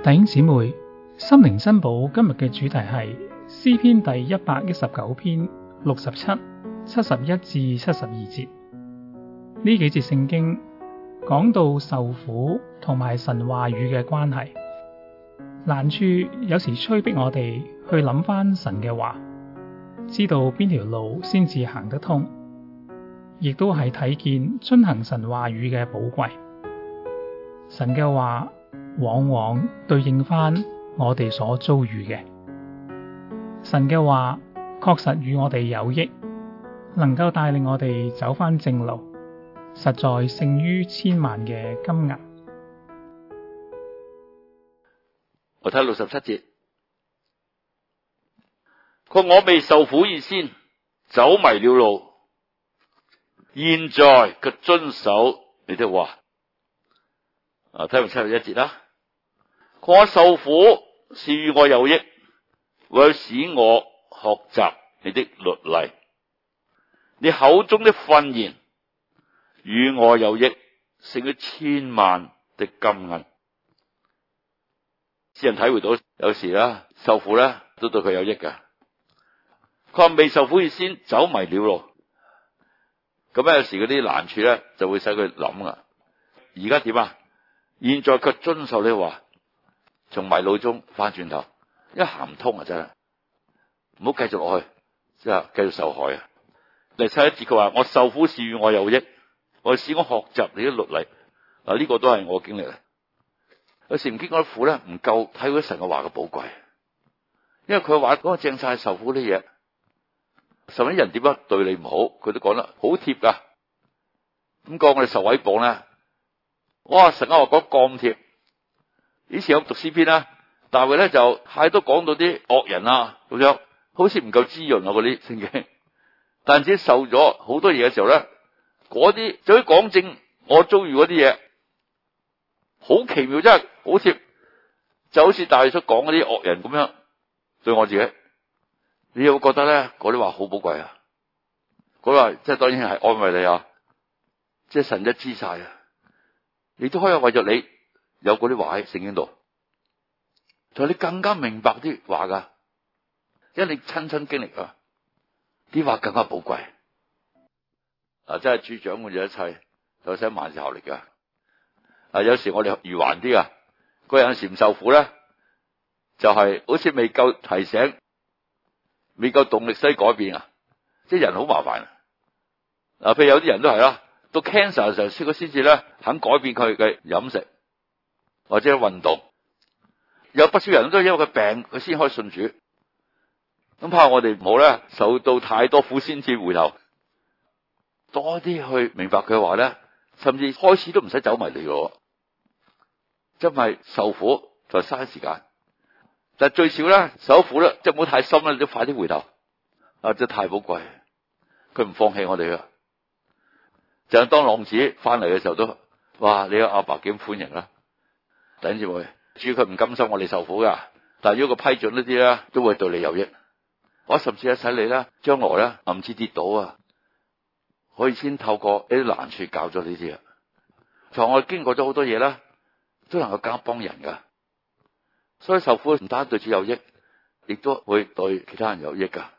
弟兄姊妹，心靈珍寶今日嘅主題係詩篇第一百一十九篇六十七、七十一至七十二節。呢幾節聖經講到受苦同埋神話語嘅關係，難處有時催逼我哋去諗翻神嘅話，知道邊條路先至行得通，亦都係睇見遵行神話語嘅寶貴。神嘅話。往往對應翻我哋所遭遇嘅，神嘅話，確實與我哋有益，能夠帶領我哋走翻正路，實在勝於千萬嘅金銀。我睇六十七節，佢話我未受苦以先，走迷了路，現在卻遵守你啲話。啊，睇下七十一節啦。我受苦是與我有益，為要使我學習你的律例。你口中的訓言與我有益，勝於千萬的金銀。先人體會到有時啦，受苦咧都對佢有益噶。佢話未受苦以先走迷了路，咁啊有時嗰啲難處咧就會使佢諗啊。而家點啊？現在卻遵守你話。從迷路中翻轉頭，一行唔通啊！真係唔好繼續落去，即係繼續受害啊！第七一節佢話：我受苦是於我有益，我使我學習你啲律例。嗱，呢個都係我經歷啊！有時唔經嗰苦咧，唔夠睇佢神嘅話嘅寶貴。因為佢話：，講正晒受苦啲嘢，甚至人點樣對你唔好，佢都講得好貼噶。咁、那、講、個、我哋受委榜咧，哇！神啊，我講咁貼。以前有讀詩篇啦，但係咧就太多講到啲惡人啊咁樣，好似唔夠滋潤啊嗰啲聖經。但係自己受咗好多嘢嘅時候咧，嗰啲就喺講正我遭遇嗰啲嘢，好奇妙真、啊、係好似，就好似大衛所講嗰啲惡人咁樣對我自己。你有冇覺得咧嗰啲話好寶貴啊？嗰話即係當然係安慰你啊，即係神一知晒啊，你都可以為咗你。有嗰啲話喺聖經度，但係你更加明白啲話噶，因為你親身經歷啊，啲話更加寶貴。嗱，真係主掌管住一切，就使萬事效力噶。啊，有時我哋愚頑啲佢有時唔受苦咧，就係、是、好似未夠提醒，未夠動力，需改變、就是、啊！即係人好麻煩啊。嗱，譬如有啲人都係啦，到 cancer 嘅時候先，佢先至咧肯改變佢嘅飲食。或者運動，有不少人都因為佢病佢先可以信主，咁怕我哋唔好咧受到太多苦先至回頭，多啲去明白佢話咧，甚至開始都唔使走埋嚟嘅。即係受苦就嘥時間，但係最少咧受苦咧，即係唔好太深啦，都快啲回頭，啊，真係太寶貴，佢唔放棄我哋啊，就當浪子翻嚟嘅時候都，哇，你阿阿爸幾歡迎啦？等住會，主要佢唔甘心我哋受苦噶。但係如果佢批准呢啲咧，都會對你有益。我甚至一使你咧，將來咧暗知跌倒啊，可以先透過呢啲難處教咗你啲啊。同我經過咗好多嘢啦，都能夠教一幫人噶。所以受苦唔單對主有益，亦都會對其他人有益噶。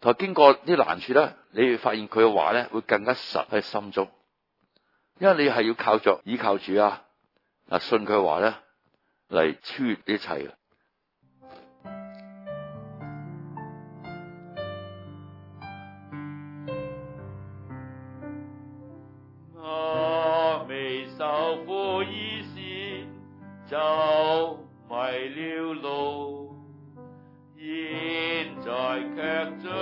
同經過啲難處咧，你會發現佢嘅話咧會更加實喺心中，因為你係要靠着，依靠主啊。啊！信佢話咧，嚟超越一切啊。啊！未受苦以先就迷了路，現在卻將。